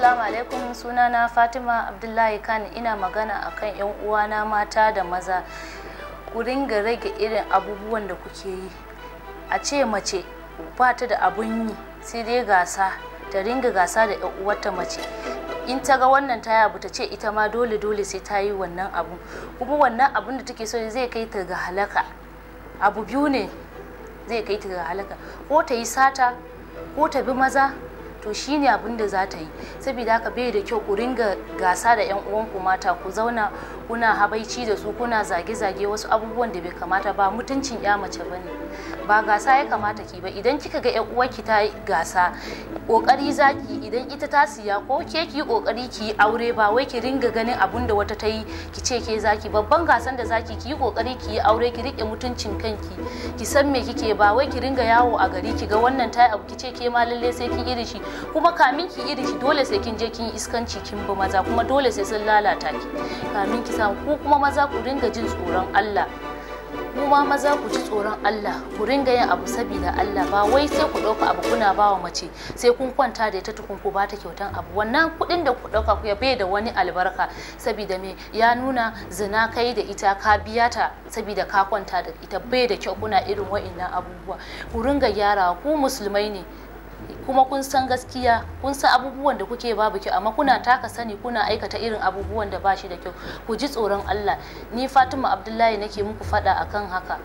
Assalamu alaikum sunana Fatima Abdullahi kani ina magana akan 'yan uwana mata da maza ku ringa rage irin abubuwan da kuke yi a ce mace ba ta da abun yi sai dai gasa ta ringa gasa da 'yan uwarta mace in ta ga wannan ta yabu ta ce ita ma dole dole sai ta yi wannan abu kuma wannan abun da take so zai kai ta ga halaka abu biyu ne zai kai ta ga halaka ko ta yi sata ko ta bi maza to shi ne abin da za ta yi saboda haka bai da kyau ku ringa gasa da yan uwanku mata ku zauna kuna habaici da su kuna zage-zage wasu abubuwan da bai kamata ba mutuncin ya mace ba ne ba gasa ya kamata ki ba idan kika ga yan uwarki ta gasa kokari zaki idan ita ta siya ko ke ki kokari ki aure ba wai ki ringa ganin abun da wata ta yi ki ce ke zaki babban gasan da zaki ki kokari ki aure ki rike mutuncin kanki ki san me kike ba wai ki ringa yawo a gari ki ga wannan ta abu ki ce ke ma lalle sai kin iri shi kuma kamin ki iri shi dole sai kin je kin iskanci kin bi maza kuma dole sai sun lalata ki kamin ki sa ku kuma maza ku ringa jin tsoron Allah ku ma maza ku ji tsoron Allah ku ringa yin abu saboda Allah ba wai sai ku ɗauka abu kuna ba wa mace sai kun kwanta da ita tukun ku ba ta kyautan abu wannan kuɗin da ku ɗauka ku bai da wani albarka saboda me ya nuna zina kai da ita ka biya ta saboda ka kwanta da ita bai da kyau kuna irin wa'innan abubuwa ku ringa gyara ku musulmai ne kuma kun san gaskiya kun san abubuwan da kuke babu kyau amma kuna taka sani kuna aikata irin abubuwan da ba shi da kyau ku ji tsoron Allah ni Fatima Abdullahi nake muku faɗa akan haka